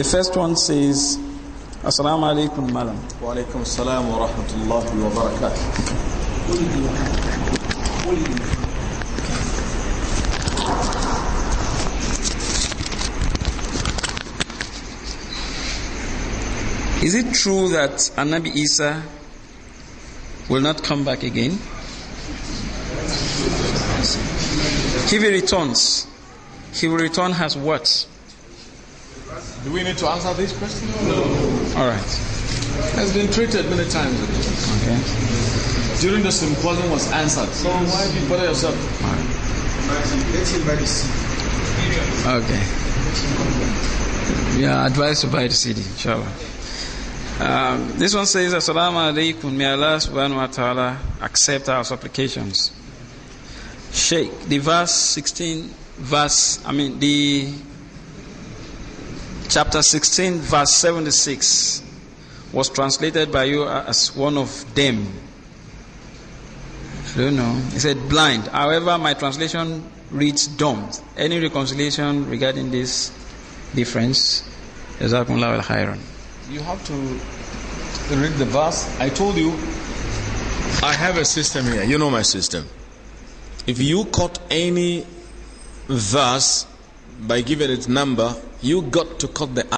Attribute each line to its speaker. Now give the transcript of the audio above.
Speaker 1: The first one says, Assalamu alaikum, madam. Wa alaikum assalam wa rahmatullahi wa barakatuh. Is it true that Anabi Isa will not come back again? If he returns, he will return as what? Do we need to answer this question? No. All right. Has been treated many times. Okay. During the symposium was answered. So why do you bother yourself? Okay. We are advised to buy the CD, inshallah. Um, this one says, Assalamu alaikum. May Allah subhanahu wa ta'ala accept our supplications. Sheikh, the verse 16, verse, I mean, the chapter 16, verse 76 was translated by you as one of them. I don't know. He said blind. However, my translation reads dumb. Any reconciliation regarding this difference? You have to read the verse. I told you, I have a system here. You know my system. If you caught any verse by giving its number, you got to cut the